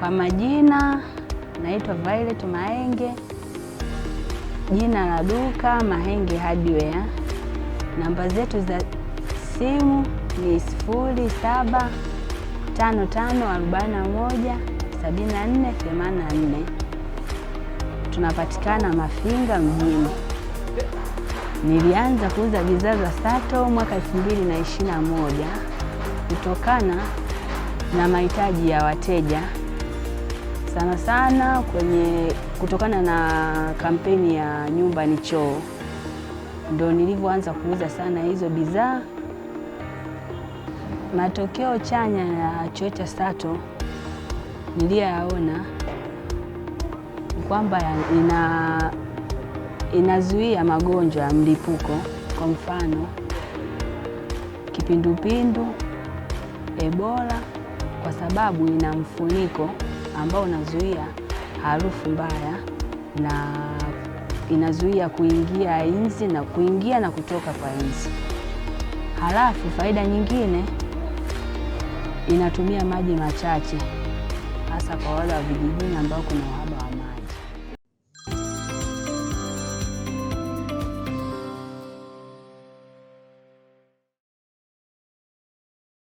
Kwa majina naitwa Violet Mahenge, jina la duka Mahenge Hardware. Namba zetu za simu ni sifuri Tunapatikana Mafinga mjini. Nilianza kuuza bidhaa za sato mwaka 2021 kutokana na mahitaji ya wateja sana sana kwenye kutokana na kampeni ya nyumba ni choo, ndo nilivyoanza kuuza sana hizo bidhaa. Matokeo chanya ya choo cha Sato niliyoyaona ni kwamba ina inazuia magonjwa ya mlipuko, kwa mfano kipindupindu, Ebola, kwa sababu ina mfuniko ambao unazuia harufu mbaya na inazuia kuingia inzi na kuingia na kutoka kwa inzi. Halafu faida nyingine inatumia maji machache, hasa kwa wale wa vijijini ambao kuna uhaba wa maji.